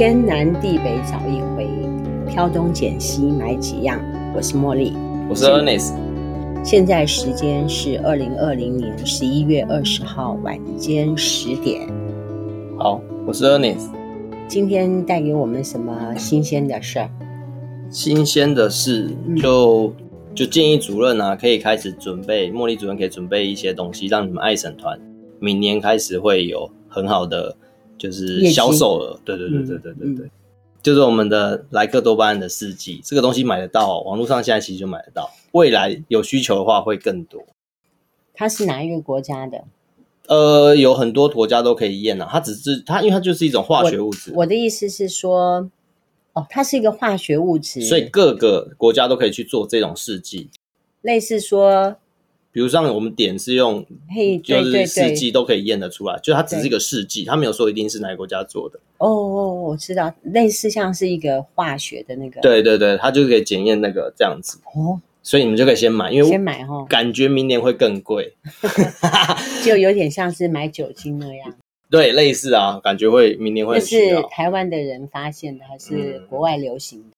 天南地北找一回，挑東撿西買幾樣。我是茉莉，我是 Ernest。現在時間是二零二零年十一月二十號晚間十點。好，我是 Ernest。今天帶給我們什麼新鮮的事？新鮮的事就、嗯、就建議主任呢、啊，可以開始準備。茉莉主任可以準備一些東西，讓你們愛省團明年開始會有很好的。就是銷售額，對對對對對對對,對、嗯嗯，就是我們的萊克多巴胺的試劑，這個東西買得到，網絡上現在其實就買得到，未來有需求的話會更多。它是哪一個國家的？呃，有很多國家都可以驗、啊、它只是它，因為它就是一種化學物質。我的意思是說，哦，它是一個化學物質，所以各個國家都可以去做這種試劑，類似說。比如像我們點是用，就是試劑都可以驗得出來 hey, 對對對，就它只是一個試劑，它沒有說一定是哪個國家做的。哦哦，我知道，類似像是一個化學的那個，對對對，它就可以檢驗那個這樣子。哦，所以你們就可以先買，因為先買哦，感覺明年會更貴，哦、 就有點像是買酒精那樣。對，類似啊，感覺會明年會。就是台灣的人發現的，還是國外流行的？嗯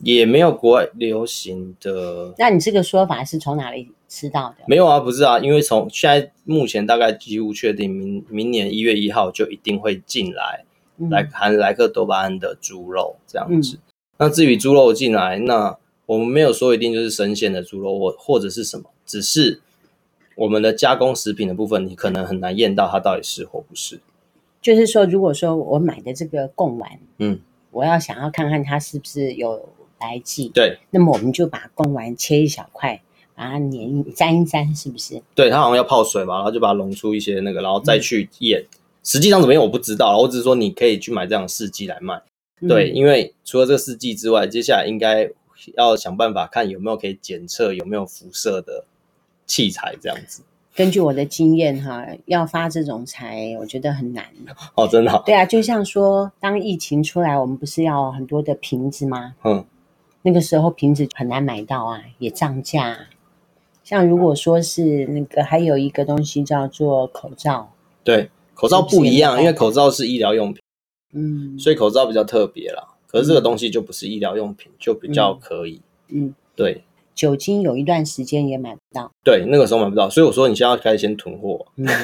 也沒有國外流行的，那你這個說法是從哪裡吃到的？沒有啊，不是啊，因為從現在目前大概幾乎確定明，明明年一月一號就一定會進來，來、嗯、含萊克多巴胺的豬肉這樣子。嗯、那至於豬肉進來，那我們沒有說一定就是生鮮的豬肉，或或者是什麼，只是我們的加工食品的部分，你可能很難驗到它到底是或不是。就是說，如果說我買的這個貢丸，嗯，我要想要看看它是不是有。試劑對，那麼我們就把貢丸切一小塊，把它粘粘一粘，是不是？對，它好像要泡水嘛，然後就把它溶出一些那個，然後再去驗。實際上怎麼樣我不知道，我只是說你可以去買這樣試劑來賣。對，因為除了這個試劑之外，接下來應該要想辦法看有沒有可以檢測有沒有輻射的器材，這樣子。根據我的經驗哈，要發這種財，我覺得很難哦，真的？對啊，就像說，當疫情出來，我們不是要很多的瓶子嗎？嗯。那個時候瓶子很難買到啊，也漲價啊。像如果說是那個，還有一個東西叫做口罩，對，口罩不一樣，因為口罩是醫療用品，嗯，所以口罩比較特別啦，可是這個東西就不是醫療用品，就比較可以，嗯，嗯對，酒精有一段時間也買不。對，那個時候買不到，所以我說你現在要開始先囤貨， 沒有，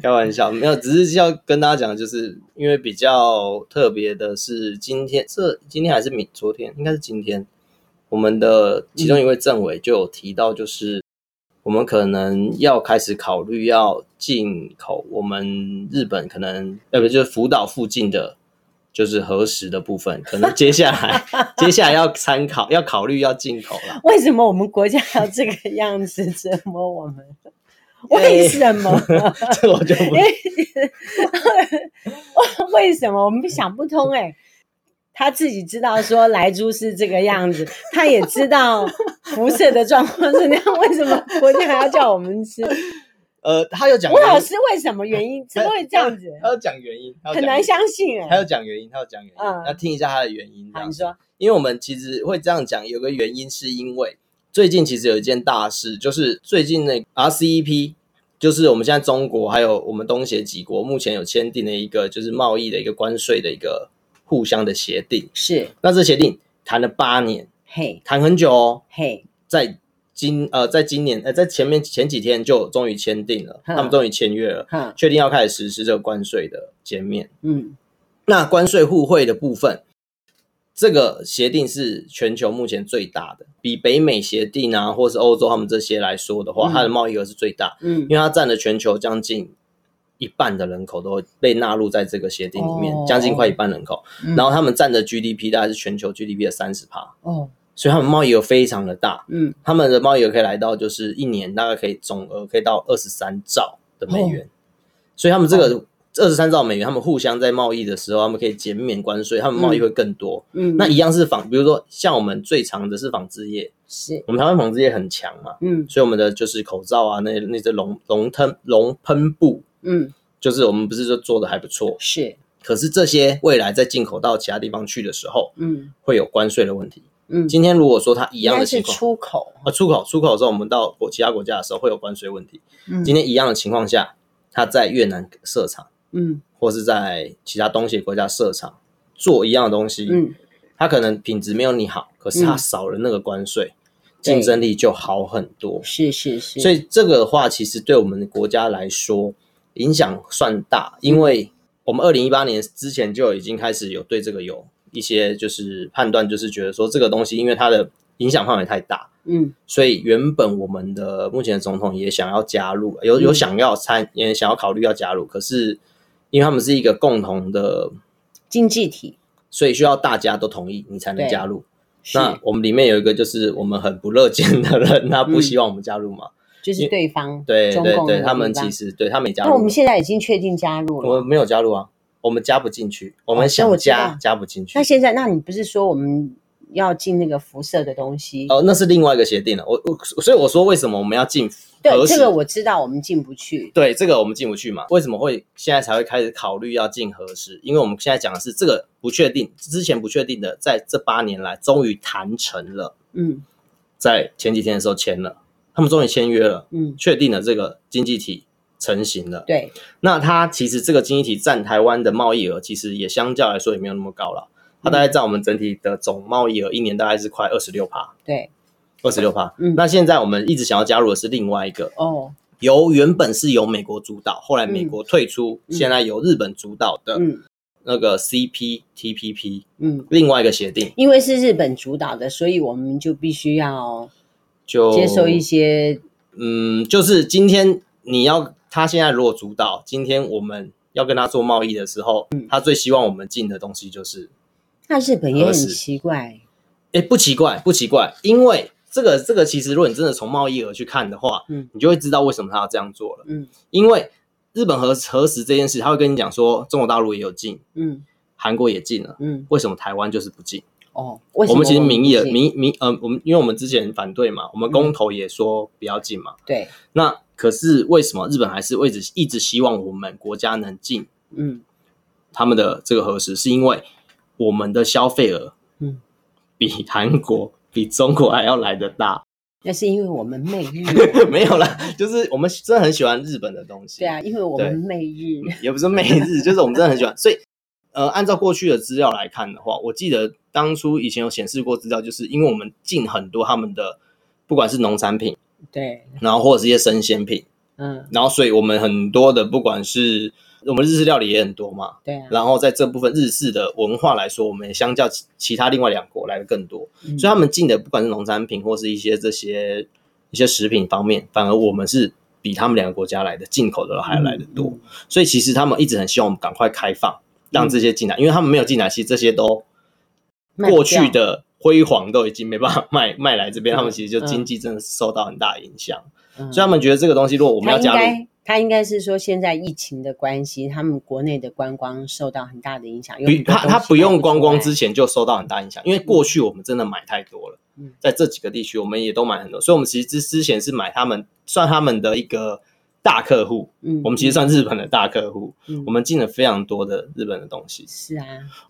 開玩笑，沒有，只是要跟大家講，就是因為比較特別的是，今天這今天還是明昨天，應該是今天，我們的其中一位政委就有提到，就是、嗯、我們可能要開始考慮要進口，我們日本可能要不就是福島附近的。就是核食的部分，可能接下來接下來要參考， 要考慮要進口了。為什麼我們國家要這個樣子折磨我們？ 為什麼？ 這個我就不，不 為什麼我們想不通哎、欸？他自己知道說萊豬是這個樣子，他也知道輻射的狀況是那樣， 為什麼國家還要叫我們吃？呃，他有講原因，吳老師為什麼原因才會這樣子？他要講，講原因，很難相信哎、欸。他要講原因，他要講原因，那、嗯、聽一下他的原因、嗯，他。你說，因為我們其實會這樣講，有個原因是因為最近其實有一件大事，就是最近那 RCEP，就是我們現在中國還有我們東協幾國目前有簽訂了一個就是貿易的一個關稅的一個互相的協定。是，那這協定談了八年，嘿、hey,，談很久，哦，嘿、hey.，在。今呃，在今年呃，在前面前幾天就終於簽訂了，他們終於簽約了，確定要開始實施這個關稅的減免。嗯，那關稅互惠的部分，這個協定是全球目前最大的，比北美協定啊，或是歐洲他們這些來說的話，嗯、它的貿易額是最大。嗯，因為它占了全球將近一半的人口都被納入在這個協定裡面，將、哦、近快一半人口、嗯，然後他們占的 GDP 大概是全球 GDP 的三十趴。哦。所以他們貿易有非常的大，嗯，他們的貿易有可以來到就是一年大概可以總額可以到二十三兆的美元。哦，所以他們這個二十三兆美元，他們互相在貿易的時候，他們可以減免關稅，嗯，他們貿易會更多，嗯，嗯，那一樣是仿，比如說像我們最長的是紡織業，是我們台灣紡織業很強嘛，嗯，所以我們的就是口罩啊，那那些熔熔噴熔噴布，嗯，就是我們不是說做的還不錯，是，可是這些未來在進口到其他地方去的時候，嗯，會有關稅的問題。嗯，今天如果說它一樣的情況、嗯是出，出口，出口出口之後，我們到國其他國家的時候會有關稅問題、嗯。今天一樣的情況下，它在越南設廠，嗯，或是在其他東協的國家設廠做一樣的東西，嗯，它可能品質沒有你好，可是它少了那個關稅，嗯、競爭力就好很多。是是是。所以這個的話，其實對我們的國家來說影響算大，嗯、因為我們二零一八年之前就已經開始有對這個有。一些就是判斷，就是覺得說這個東西，因為它的影響範圍太大，嗯，所以原本我們的目前的總統也想要加入，有有想要參，也想要考慮要加入，可是因為他們是一個共同的經濟體，所以需要大家都同意你才能加入。那我們裡面有一個就是我們很不樂見的人，他不希望我們加入嘛，就是對方，對對對，他們其實對他沒加入。那我們現在已經確定加入了，我們沒有加入啊。我們加不進去，我們想加、哦、我加不進去。那現在，那你不是說我們要進那個輻射的東西？哦，那是另外一個協定了。我我所以我說，為什麼我們要進核實對，這個我知道，我們進不去。對，這個我們進不去嘛。為什麼會現在才會開始考慮要進核實？因為我們現在講的是這個不確定，之前不確定的，在這八年來終於談成了。嗯，在前幾天的時候簽了，他們終於簽約了。嗯，確定了這個經濟體。成型了，對。那它其實這個經濟體佔台灣的貿易額，其實也相較來說也沒有那麼高了。它大概佔我們整體的總貿易額，一年大概是快二十六趴，對，二十六趴。嗯。那現在我們一直想要加入的是另外一個哦，由原本是由美國主導，後來美國退出，現在由日本主導的，嗯，那個 CPTPP，嗯，另外一個協定。因為是日本主導的，所以我們就必須要就接受一些，嗯，就是今天你要。他現在如果主導今天我們要跟他做貿易的時候、嗯，他最希望我們進的東西就是。那日本也很奇怪。哎、欸，不奇怪，不奇怪，因為這個這個其實，如果你真的從貿易額去看的話，嗯，你就會知道為什麼他要這樣做了。嗯，因為日本核核食這件事，他會跟你講說，中國大陸也有進，嗯，韓國也進了，嗯，為什麼台灣就是不進？哦我進，我們其實民意民民，我們、呃、因為我們之前反對嘛，我們公投也說不要進嘛、嗯，對，那。可是為什麼日本還是一直一直希望我們國家能進嗯他們的這個核食是因為我們的消費額嗯比韓國比中國還要來得大？那、嗯、 是因為我們媚日？ 沒有啦，就是我們真的很喜歡日本的東西。對啊，因為我們媚日， 也不是媚日，就是我們真的很喜歡。 所以呃，按照過去的資料來看的話，我記得當初以前有顯示過資料，就是因為我們進很多他們的不管是農產品。對，然後或者是一些生鮮品，嗯，然後所以我們很多的，不管是我們日式料理也很多嘛，對啊，然後在這部分日式的文化來說，我們也相較其其他另外兩國來的更多，嗯，所以他們進的不管是農產品或是一些這些一些食品方面，反而我們是比他們兩個國家來的進口的還來得多，嗯，所以其實他們一直很希望我們趕快開放，讓這些進來，嗯，因為他們沒有進來，其實這些都。過去的輝煌都已經沒辦法賣賣來這邊，嗯，他們其實就經濟真的受到很大的影響，嗯，所以他們覺得這個東西如果我們要加入，他應該是說現在疫情的關係，他們國內的觀光受到很大的影響。因為他他不用觀光之前就受到很大影響，因為過去我們真的買太多了。嗯，在這幾個地區我們也都買很多，所以我們其實之之前是買他們算他們的一個大客戶。嗯，我們其實算日本的大客戶，嗯嗯，我們進了非常多的日本的東西，嗯。是啊，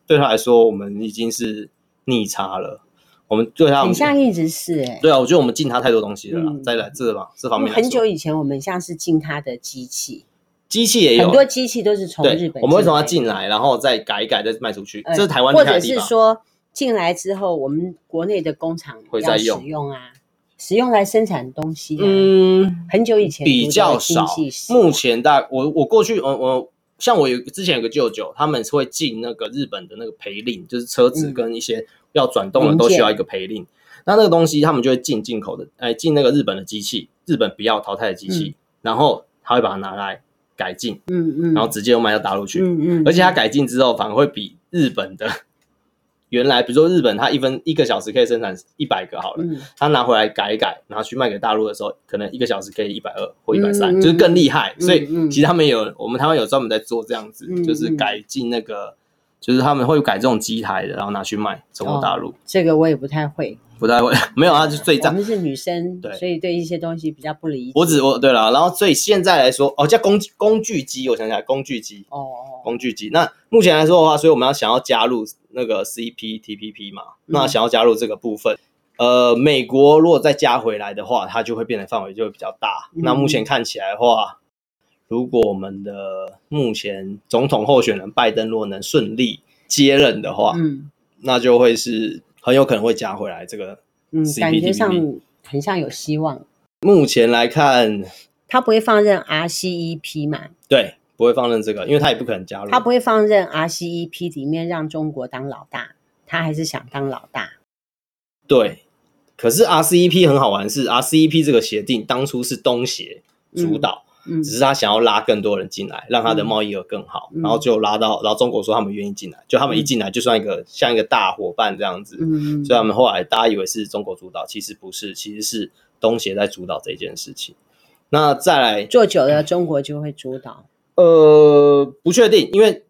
對他來說，我們已經是。逆差了，我們對他很像一直是哎、欸，對啊，我覺得我們進他太多東西了、嗯，在來這方這方面。很久以前我們像是進他的機器，機器也有，很多機器都是從日本的。我們會從他進來，然後再改一改再賣出去，呃、這是台灣或者是說進來之後，我們國內的工廠會再使用啊用，使用來生產的東西、啊。嗯，很久以前比較少，目前大我我過去我我像我有之前有個舅舅，他們是會進那個日本的那個培林，就是車子跟一些。嗯要轉動的，都需要一個賠令。嗯、那那個東西，他們就會進進口的，哎，進那個日本的機器，日本不要淘汰的機器、嗯，然後他會把它拿來改進、嗯嗯，然後直接又賣到大陸去、嗯嗯，而且他改進之後反而會比日本的原來，比如說日本他一分一個小時可以生產一百個好了、嗯，他拿回來改一改，然後去賣給大陸的時候，可能一個小時可以一百二或一百三，就是更厲害。所以其實他們有，嗯嗯、我們台灣有專門在做這樣子，嗯、就是改進那個。就是他們會改這種機台的，然後拿去賣中國大陸、哦。這個我也不太會，不太會，沒有啊，嗯、就最賺。我們是女生，對，所以對一些東西比較不理解。我只我對了，然後所以現在來說，哦，叫工工具機，我想起來，工具機，哦，哦哦，工具機。那目前來說的話，所以我們要想要加入那個 CPTPP 嘛、嗯，那想要加入這個部分，呃，美國如果再加回來的話，它就會變得範圍就會比較大、嗯。那目前看起來的話。如果我們的目前總統候選人拜登若能順利接任的話，嗯，那就會是很有可能會加回來這個，嗯，感覺上很像有希望。目前來看，他不會放任 RCEP 嘛。對，不會放任這個，因為他也不可能加入。他不會放任 RCEP 裡面讓中國當老大，他還是想當老大。對，可是 RCEP 很好玩是，是 RCEP 這個協定當初是東協主導。嗯。只是他想要拉更多人進來，讓他的貿易額更好，嗯，然後就拉到，然後中國說他們願意進來，就他們一進來就算一個，嗯，像一個大夥伴這樣子，嗯，所以他們後來大家以為是中國主導，其實不是，其實是東協在主導這件事情。那再來，做久了，中國就會主導？呃，不確定，因為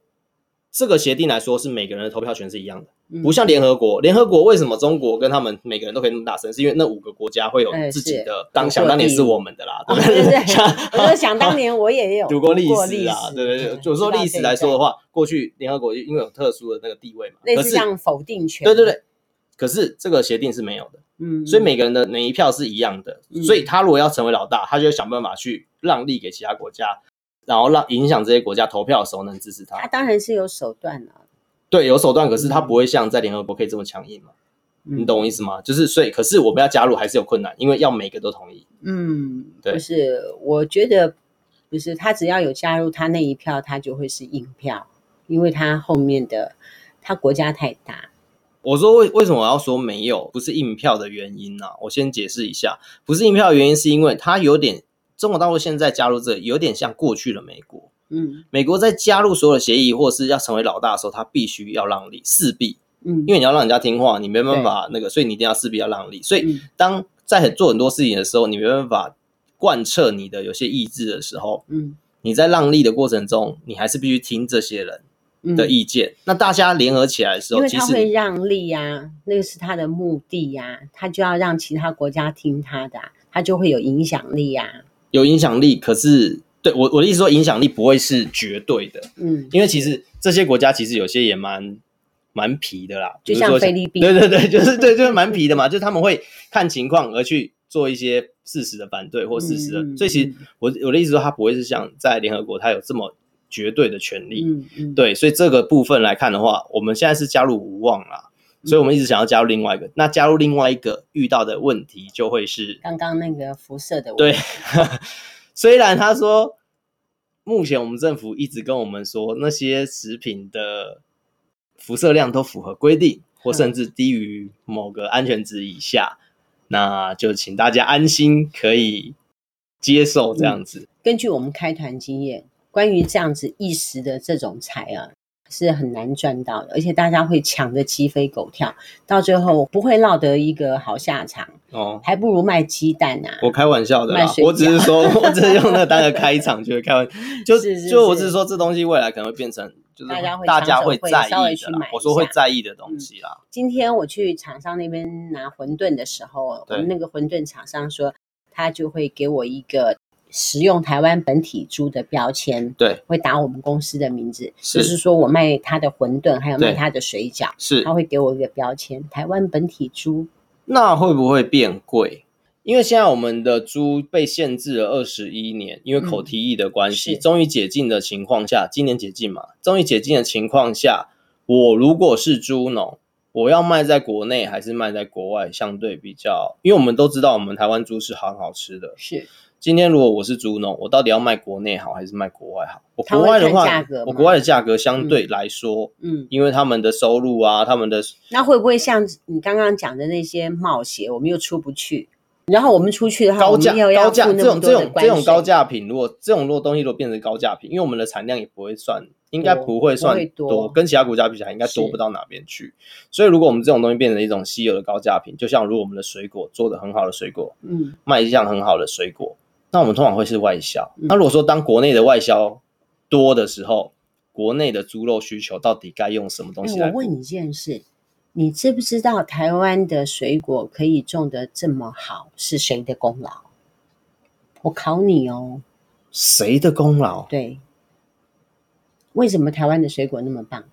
這個協定來說是每個人的投票權是一樣的。不像聯合國，聯合國為什麼中國跟他們每個人都可以那麼大聲？是因為那五個國家會有自己的當想當年是我們的啦。對不對，啊啊啊，對，對，我說想當年我也有，讀過歷史啊，對對對。就說歷史來說的話，過去聯合國因為有特殊的那個地位嘛，類似像否定權。對對對。可是這個協定是沒有的，嗯，所以每個人的每一票是一樣的。嗯，所以他如果要成為老大，他就想辦法去讓利給其他國家，然後讓影響這些國家投票的時候能支持他。他當然是有手段了，啊。對，有手段，可是他不會像在聯合國可以這麼強硬嘛、嗯？你懂我意思嗎？就是所以，可是我們要加入還是有困難，因為要每個都同意。嗯，對，就是我覺得不是他只要有加入他那一票，他就會是硬票，因為他後面的他國家太大。我說為為什麼我要說沒有？不是硬票的原因呢、啊？我先解釋一下，不是硬票的原因是因為他有點中國大陸現在加入這裡有點像過去的美國。嗯，美國在加入所有的協議或是要成為老大的時候，他必須要讓利，勢必，嗯，因為你要讓人家聽話，你沒辦法那個，所以你一定要勢必要讓利、嗯。所以當在做很多事情的時候，你沒辦法貫徹你的有些意志的時候，嗯，你在讓利的過程中，你還是必須聽這些人的意見。嗯、那大家聯合起來的時候，因為他會讓利呀、啊，那個是他的目的呀、啊，他就要讓其他國家聽他的、啊，他就會有影響力呀、啊，有影響力，可是。對，我我的意思說，影響力不會是絕對的，嗯，因為其實這些國家其實有些也蠻蠻皮的啦，就像菲律賓，對對對，就是對就是蠻皮的嘛， 就他們會看情況而去做一些事實的反對或事實的。嗯、所以其實我我的意思說，他不會是像在聯合國，他有這麼絕對的權利，嗯對，所以這個部分來看的話，我們現在是加入無望了，所以我們一直想要加入另外一個，嗯、加入另外一個。那加入另外一個遇到的問題就會是剛剛那個輻射的問題，對。 雖然他說，目前我們政府一直跟我們說，那些食品的輻射量都符合規定，或甚至低於某個安全值以下，嗯、那就請大家安心，可以接受這樣子。嗯、根據我們開團經驗，關於這樣子一時的這種菜啊。是很難賺到的，而且大家會搶得雞飛狗跳，到最後不會落得一個好下場。哦，還不如賣雞蛋呢、啊。我開玩笑的啦，我只是說，我只是用那個單的開場開玩 就是是是，就是開玩笑，就就我只是說這東西未來可能會變成，就是大家會在意的啦。我說會在意的東西啦、嗯。今天我去廠商那邊拿餛飩的時候，我們那個餛飩廠商說他就會給我一個。使用台灣本體豬的標籤，對，會打我們公司的名字，是就是說我賣他的餛飩，還有賣他的水餃，是，他會給我一個標籤，台灣本體豬。那會不會變貴？因為現在我們的豬被限制了二十一年，因為口蹄疫的關係，終、嗯、於解禁的情況下，今年解禁嘛，終於解禁的情況下，我如果是豬農，我要賣在國內還是賣在國外，相對比較，因為我們都知道我們台灣豬是很好，好吃的，是。今天如果我是豬農，我到底要賣國內好還是賣國外好？我國外的話，價格，我國外的價格相對來說嗯，嗯，因為他們的收入啊，他們的，那會不會像你剛剛講的那些冒險，我們又出不去。然後我們出去的話，高價高價這種這種這種高價品，如果這種如果東西都變成高價品，因為我們的產量也不會算，應該不會算多、多、多，跟其他國家比起來，應該多不到哪邊去。所以，如果我們這種東西變成一種稀有的高價品，就像如果我們的水果做得很好的水果，嗯，賣一項很好的水果。那我們通常會是外銷。那、啊、如果說當國內的外銷多的時候，嗯、國內的豬肉需求到底該用什麼東西來、欸、我問你一件事，你知不知道台灣的水果可以種得這麼好是誰的功勞？我考你哦、喔，誰的功勞？對，為什麼台灣的水果那麼棒？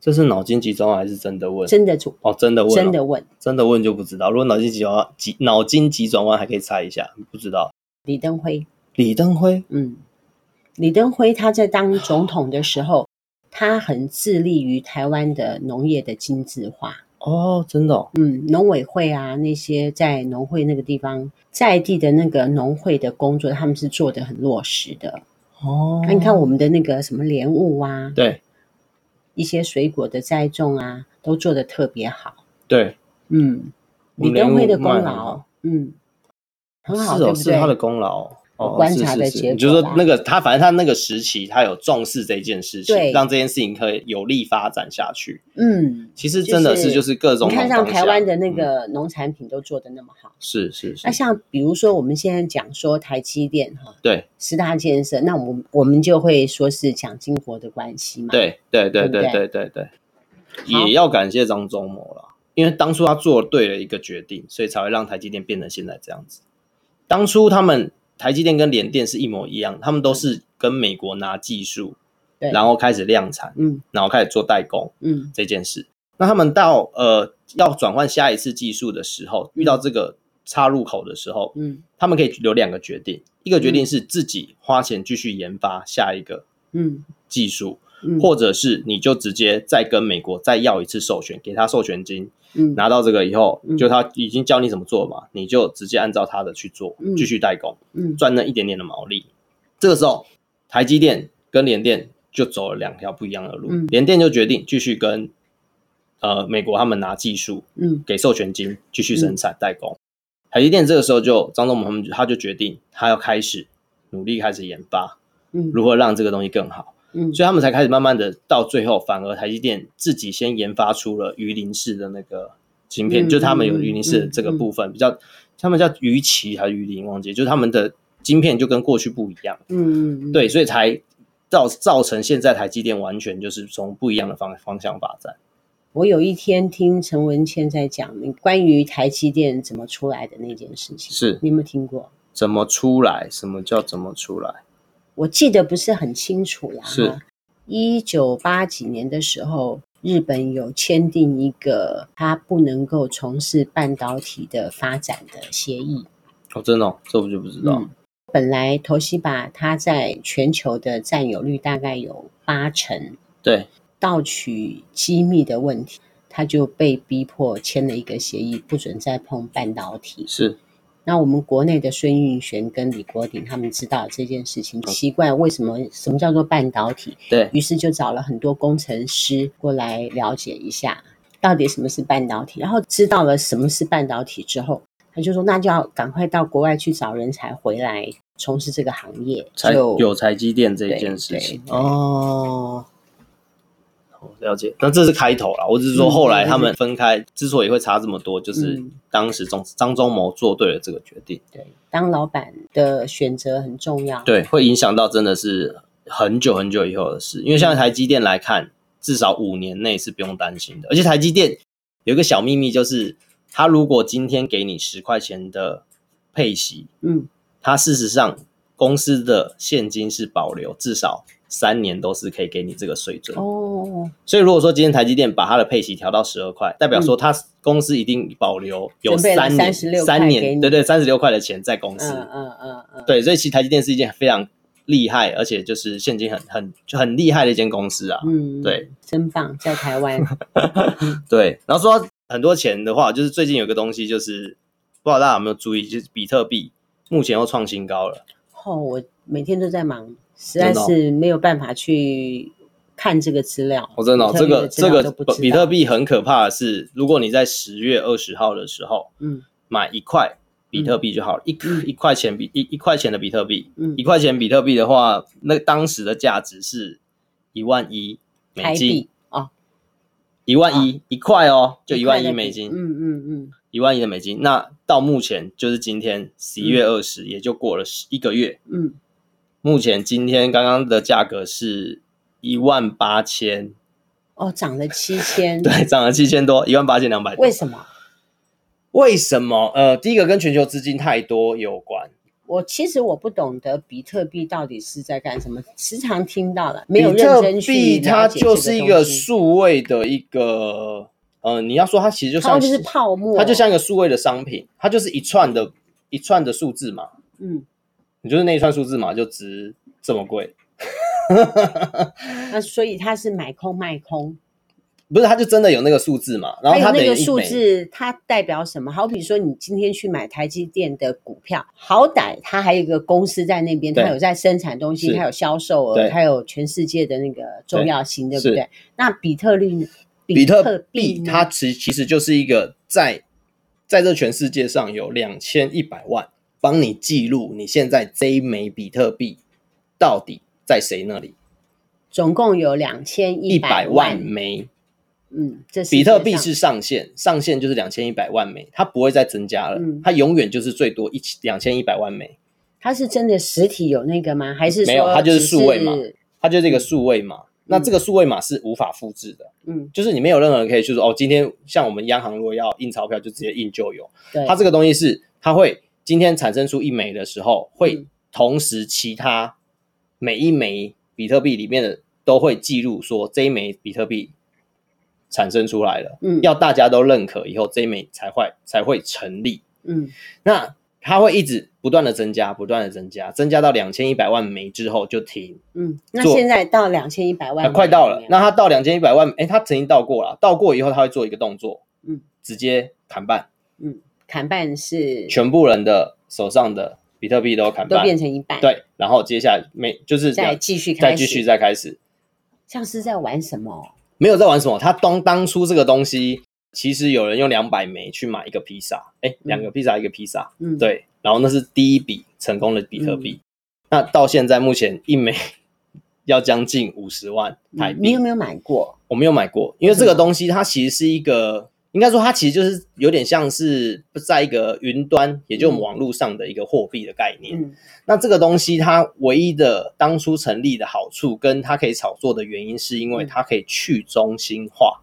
這是腦筋急轉彎還是真的問？真的問哦，真的問、哦，真的問，真的問就不知道。如果腦筋急轉彎，急腦筋急轉彎還可以猜一下，不知道。李登輝，李登輝，嗯，李登輝他在當總統的時候，他很致力於台灣的農業的精致化。哦，真的、哦，嗯，農委會啊，那些在農會那個地方，在地的那個農會的工作，他們是做得很落實的。哦，你看，看我們的那個什麼蓮霧啊，對，一些水果的栽種啊，都做得特別好。對，嗯，李登輝的功勞，嗯。很好是、哦、對對是他的功勞、哦，我觀察的結果、哦是是是。你說那個他，反正他那個時期，他有重視這件事情，讓這件事情可以有力發展下去。嗯，其實真的是就是各種、就是、你看，像台灣的那個農產品都做的那麼好、嗯，是是是。那像比如說我們現在講說台積電哈，對十大建設，那我們我們就會說是蔣經國的關係嘛。對對對對對對對，對，對，對，對，也要感謝張忠謀了，因為當初他做對了一個決定，所以才會讓台積電變成現在這樣子。當初他們台積電跟聯電是一模一樣，他們都是跟美國拿技術對，然後開始量產，嗯，然後開始做代工，嗯，這件事。那他們到呃要轉換下一次技術的時候，遇到這個岔路口的時候，嗯，他們可以有兩個決定、嗯，一個決定是自己花錢繼續研發下一個，嗯，技、嗯、術，或者是你就直接再跟美國再要一次授權，給他授權金。拿到這個以後，嗯、就他已經教你怎麼做了嘛、嗯，你就直接按照他的去做，繼、嗯、續代工，賺、嗯、那一點點的毛利。這個時候，台積電跟聯電就走了兩條不一樣的路，聯、嗯、電就決定繼續跟呃美國他們拿技術，嗯，給授權金繼續生產、嗯、代工。台積電這個時候就張忠謀他們他就決定他要開始努力開始研發，嗯、如何讓這個東西更好。嗯、所以他們才開始慢慢的，到最後反而台積電自己先研發出了魚鱗式的那個晶片，嗯、就他們有魚鱗式的這個部分，嗯嗯、比較他們叫魚鰭還是魚鱗，忘記，就是他們的晶片就跟過去不一樣。嗯，對，所以才造造成現在台積電完全就是從不一樣的方方向發展。我有一天聽陳文茜在講那關於台積電怎麼出來的那件事情，是，你有沒有聽過？怎麼出來？什麼叫怎麼出來？我記得不是很清楚了是。一九八幾年的時候，日本有簽訂一個他不能夠從事半導體的發展的協議。哦，真的、哦，這我就不知道。嗯、本來，Toshiba 他在全球的佔有率大概有八成。對，盜取機密的問題，他就被逼迫簽了一個協議，不准再碰半導體。是。那我們國內的孫運璇跟李國鼎他們知道這件事情，奇怪為什麼什麼叫做半導體？對。於是就找了很多工程師過來了解一下，到底什麼是半導體。然後知道了什麼是半導體之後，他就說那就要趕快到國外去找人才回來從事這個行業，才有有台積電這件事情哦。了解那這是開頭啦，我只是說，後來他們分開，之所以會差這麼多，嗯嗯，就是當時中張忠謀做對了這個決定。對，對當老闆的選擇很重要。對，會影響到真的是很久很久以後的事。因為像台積電來看，嗯、至少五年內是不用擔心的。而且台積電有一個小祕密，就是他如果今天給你十塊錢的配息，嗯，他事實上公司的現金是保留至少三年都是可以給你這個水準哦。Oh, 所以如果說今天台積電把它的配息調到十二塊，代表說它公司一定保留有三年，三十六塊給你。三年對,對對，三十六塊的錢在公司。嗯嗯嗯。對，所以其實台積電是一間非常厲害，而且就是現金很很就很厲害的一間公司啊。嗯，對，真棒，在台灣。 對。然後說很多錢的話，就是最近有個東西，就是不知道大家有沒有注意，就是比特幣目前又創新高了。哦、oh,，我每天都在忙。實在是沒有辦法去看這個資料。我、哦、真的、哦的，這個這個比特幣很可怕的是，如果你在十月二十號的時候，嗯，買一塊比特幣就好了，一、嗯、一塊錢比一、嗯、一塊錢的比特幣、嗯，一塊錢比特幣的話，那當時的價值是一萬一美金一、哦、萬一一、哦、塊哦，就一萬一美金，嗯嗯嗯，一、嗯、萬一的美金。那到目前就是今天十一月二十，也就過了十一個月，嗯。嗯目前今天剛剛的價格是一萬八千，哦，漲了七千， 對，漲了七千多，一萬八千兩百多。為什麼？為什麼？呃，第一個跟全球資金太多有關。我其實我不懂得比特幣到底是在幹什麼，時常聽到了，沒有認真去了解。比特幣它就，它就是一個數位的一個，呃，你要說它其實就像就是泡沫，它就像一個數位的商品，它就是一串的一串的數字嘛，嗯。你就是那一串數字嘛，就值這麼貴 。那所以它是買空賣空，不是？它就真的有那個數字嘛？然後它那個數字它代表什麼？好比說，你今天去買台積電的股票，好歹它還有一個公司在那邊，它有在生產東西，它有銷售額，它有全世界的那個重要性，對不對？那比特，比特幣呢，比特幣它其實其實就是一個在在這全世界上有兩千一百萬。幫你記錄你現在這一枚比特幣到底在誰那裡？總共有兩千一百萬枚。嗯，這是比特幣是上限，上限就是兩千一百萬枚，它不會再增加了，它永遠就是最多一千兩千一百萬枚。它是真的實體有那個嗎？還是沒有？它就是數位碼，它就是這個數位碼。那這個數位碼是無法複製的。嗯，就是你沒有任何人可以去說哦，今天像我們央行如果要印鈔票，就直接印就有。它這個東西是它會。今天產生出一枚的時候，會同時其他每一枚比特幣裡面的都會記錄說這一枚比特幣產生出來了。嗯，要大家都認可以後，這一枚才會才會成立。嗯，那它會一直不斷的增加，不斷的增加，增加到兩千一百萬枚之後就停。嗯，那現在到兩千一百萬快到了，那它到兩千一百萬，哎、欸，它曾經到過了，到過以後它會做一個動作。嗯，直接砍半。嗯。砍半是全部人的手上的比特幣都砍半，都變成一半。對，然後接下來每就是再繼續再繼續再開始，像是在玩什麼？沒有在玩什麼。他當當初這個東西，其實有人用兩百枚去買一個披薩，哎，兩個披薩一個披薩，嗯，對。然後那是第一筆成功的比特幣。嗯。那到現在目前一枚要將近五十萬台幣。嗯。你有沒有買過？我沒有買過，因為這個東西它其實是一個。應該說，它其實就是有點像是不在一個雲端，也就是我們網絡上的一個貨幣的概念。嗯。那這個東西，它唯一的當初成立的好處，跟它可以炒作的原因，是因為它可以去中心化。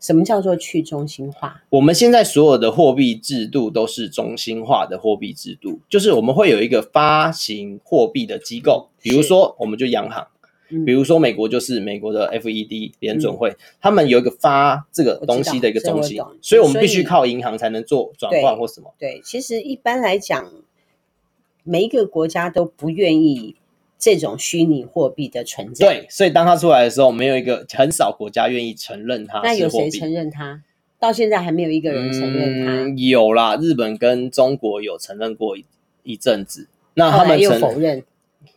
什麼叫做去中心化？我們現在所有的貨幣制度都是中心化的貨幣制度，就是我們會有一個發行貨幣的機構，比如說我們就央行。嗯，比如說美國就是美國的 FED 聯準會，嗯，他們有一個發這個東西的一個中心，所以我們必須靠銀行才能做轉換或什麼。對，對，其實一般來講，每一個國家都不願意這種虛擬貨幣的存在。對，所以當它出來的時候，沒有一個很少國家願意承認它。那有誰承認它？到現在還沒有一個人承認它。嗯，有啦，日本跟中國有承認過一一陣子，那他們承認，又否認。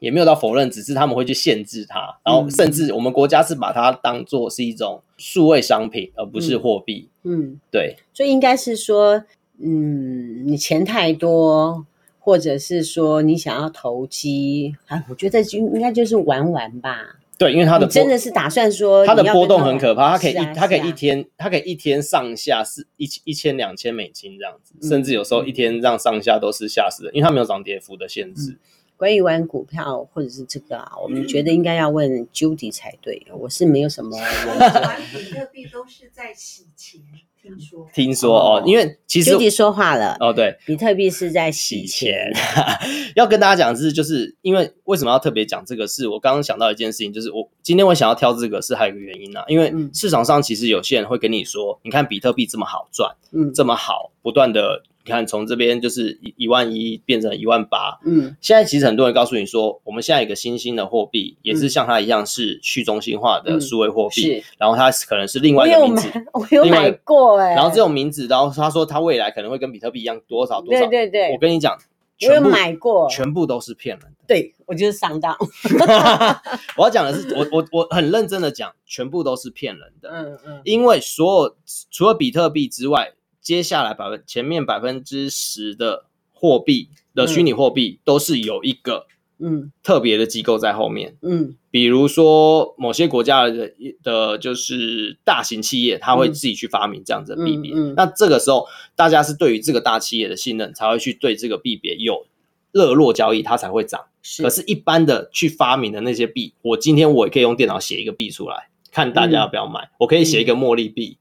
也沒有到否認，只是他們會去限制它，然後甚至我們國家是把它當做是一種數位商品，而不是貨幣。嗯。嗯，對，所以應該是說，嗯，你錢太多，或者是說你想要投機，啊，我覺得就應該就是玩玩吧。對，因為它的真的是打算說，它的波動很可怕，它可以一、啊啊、它可以一天它可以一天上下是一一千兩千美金這樣子，甚至有時候一天讓上下都是嚇死的。嗯，因為它沒有漲跌幅的限制。嗯關於玩股票或者是這個啊，我們覺得應該要問 Judy 才對、嗯。我是沒有什麼。玩比特幣都是在洗錢，聽說。聽說哦，因為其實 Judy 說話了哦，對，比特幣是在洗錢。 要跟大家講的是，就是，就是因為為什麼要特別講這個事，我剛剛想到一件事情，就是我今天我想要挑這個事，還有一個原因啊，因為市場上其實有些人會跟你說，你看比特幣這麼好賺，嗯，這麼好，不斷的。你看，從這邊就是一萬一變成一萬八，嗯，現在其實很多人告訴你說，我們現在有一個新興的貨幣，也是像它一樣是去中心化的數位貨幣，是，然後它可能是另外一個名字，有另外一個，我有買過誒、欸、然後這種名字，然後他說他未來可能會跟比特幣一樣多少多少，對對對，我跟你講，我有買過，全部，全部都是騙人的。對我就是上當。 我要講的是，我我我很認真的講，全部都是騙人的，嗯嗯，因為所有除了比特幣之外。接下來百分前面百分之十的貨幣的虛擬貨幣都是有一個嗯特別的機構在後面嗯，比如說某些國家的的就是大型企業，它會自己去發明這樣子的幣別。那這個時候大家是對於這個大企業的信任，才會去對這個幣別有熱絡交易，它才會漲。可是，一般的去發明的那些幣，我今天我也可以用電腦寫一個幣出來，看大家要不要買，我可以寫一個茉莉幣。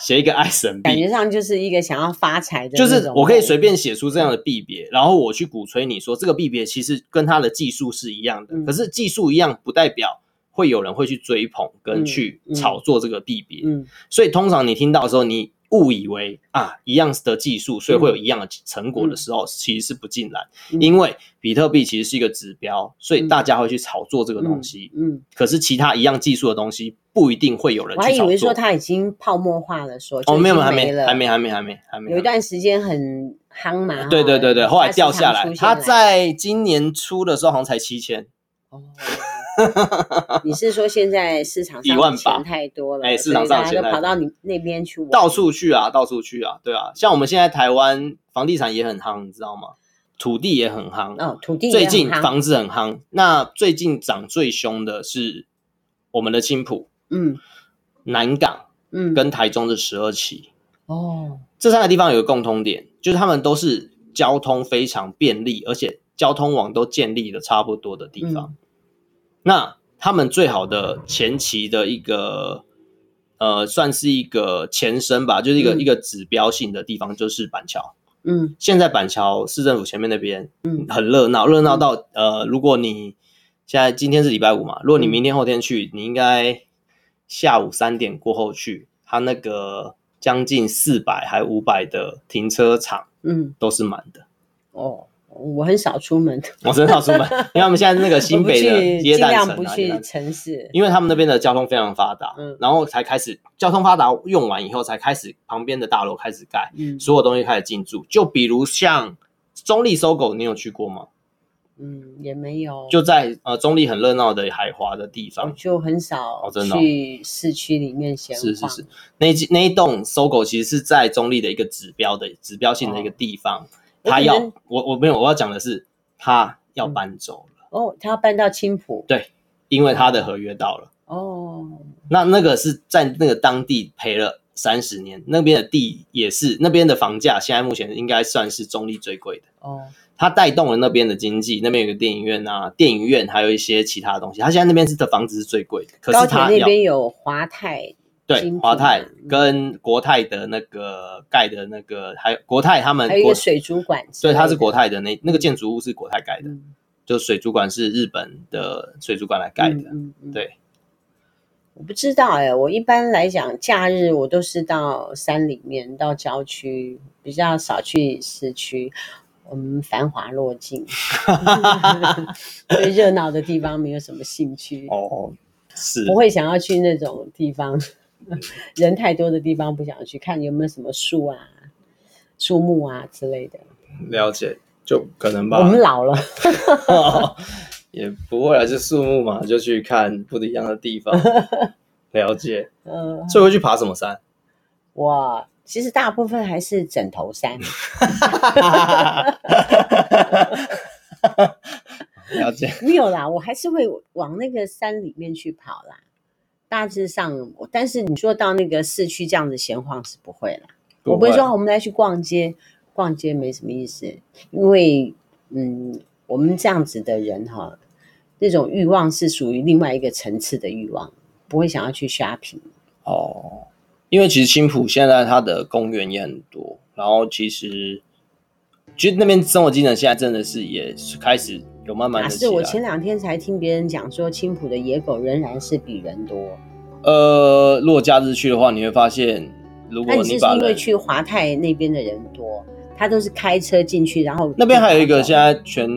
寫一個愛神感覺上就是一個想要發財的，就是我可以隨便寫出這樣的幣別、嗯，然後我去鼓吹你說這個幣別其實跟它的技術是一樣的、嗯，可是技術一樣不代表會有人會去追捧跟去炒作這個幣別、嗯嗯，所以通常你聽到的時候你誤以為啊，一樣的技術，所以會有一樣的成果的時候，嗯、其實是不盡然、嗯，因為比特幣其實是一個指標，所以大家會去炒作這個東西。嗯，嗯嗯，可是其他一樣技術的東西，不一定會有人去炒作。我還以為說它已經泡沫化了，說哦，沒有沒有，還沒還沒還沒還沒，有一段時間很夯嘛，對對對對，後來掉下來。它在、在今年初的時候好像才七千。哦 你是說現在市場上錢太多了？哎，市場上錢太多了，跑到你那邊去玩，到處去啊，到處去啊，對啊。像我們現在台灣房地產也很夯，你知道嗎？土地也很夯，哦、土地最近房子很夯。那最近漲最凶的是我們的青浦，嗯，南港、嗯，跟台中的十二期哦。這三個地方有個共通點，就是他們都是交通非常便利，而且交通網都建立的差不多的地方。嗯那他們最好的前期的一個，呃，算是一個前身吧，就是一個、嗯、一個指標性的地方，就是板橋。嗯，現在板橋市政府前面那邊，嗯，很熱鬧，嗯、熱鬧到呃，如果你現在今天是禮拜五嘛，如果你明天後天去，嗯、你應該下午三點過後去，他那個將近四百還五百的停車場，嗯，都是滿的。嗯、哦。我很少出門 我，我很少出門，因為我們現在那個新北的街道不去城市， 因為他們那邊的交通非常發達、嗯，然後才開始交通發達用完以後才開始旁邊的大樓開始蓋、嗯，所有東西開始進駐。就比如像中壢搜狗，你有去過嗎？嗯，也沒有，就在呃中壢很熱鬧的海華的地方，就很少去市區裡面閒逛、哦哦、是是是，那一那棟搜狗其實是在中壢的一個指標的指標性的一個地方。哦他要我，我沒有，我要講的是他要搬走了哦，他要搬到青埔。對，因為他的合約到了哦。那那個是在那個當地賠了三十年，那邊的地也是那邊的房價，現在目前應該算是中壢最貴的哦。他帶動了那邊的經濟，那邊有個電影院啊，電影院還有一些其他東西。他現在那邊是的房子是最貴的，可是他那邊有華泰。華泰跟國泰的那個蓋的那個，還有國泰他們還有一個水族館，所以它是國泰的，那那個建築物是國泰蓋的。嗯，就水族館是日本的水族館來蓋的嗯嗯嗯。對，我不知道哎、欸，我一般來講假日我都是到山裡面，到郊區比較少去市區，嗯，我們繁華落盡，對熱鬧的地方沒有什麼興趣哦哦，是不會想要去那種地方。人太多的地方不想去看有沒有什麼樹啊、樹木啊之類的。了解，就可能吧。哦、我們老了， 哦、也不會還是樹木嘛，就去看不一樣的地方。 了解，嗯、呃。所以會去爬什麼山？我其實大部分還是枕頭山。 了解，沒有啦，我還是會往那個山裡面去跑啦。大致上，但是你說到那個市區這樣子閒晃是不會啦。我不會說，我們來去逛街，逛街沒什麼意思。因為，嗯，我們這樣子的人哈、哦，那種欲望是屬於另外一個層次的欲望，不會想要去 shopping 哦。因為其實青埔現在它的公園也很多，然後其實其實那邊生活機能現在真的是也是開始。有慢慢的、啊。是我前兩天才聽別人講說，青埔的野狗仍然是比人多。呃，如果假日去的話，你會發現，如果你是因為去華泰那邊的人多，他都是開車進去，然後那邊還有一個現在全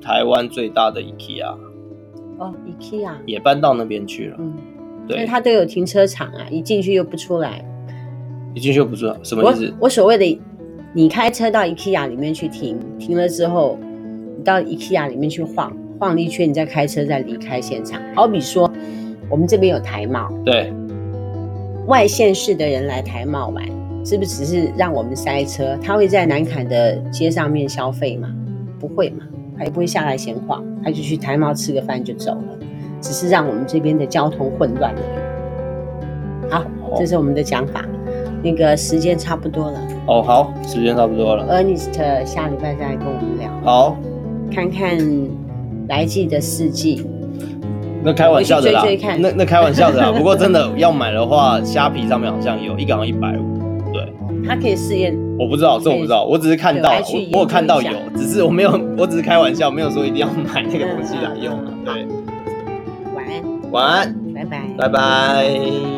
台灣最大的 IKEA 哦，IKEA 也搬到那邊去了。嗯，對，他都有停車場啊，一進去又不出來。一進去又不出來，什麼意思？我，我所謂的，你開車到 IKEA 裡面去停，停了之後。到 IKEA 裡面去晃晃了一圈，你再開車再離開現場。好比說，我們這邊有台茂，對外縣市的人來台茂玩，是不是只是讓我們塞車？他會在南崁的街上面消費嘛？不會嘛？他也不會下來閒晃，他就去台茂吃個飯就走了，只是讓我們這邊的交通混亂了。好，這是我們的講法。Oh. 那個時間差不多了。哦、oh，好，時間差不多了。Ernest，下禮拜再來跟我們聊。好、oh。看看來季的四季，那開玩笑的啦。追追那那開玩笑的啦。不過真的要買的話，蝦皮上面好像有一個好像一百五，對。它可以試驗，我不知道，這我不知道，我只是看到，我我，我看到有，只是我沒有，我只是開玩笑，沒有說一定要買那個東西來用的，啊，對。晚安，晚安，拜拜，拜拜。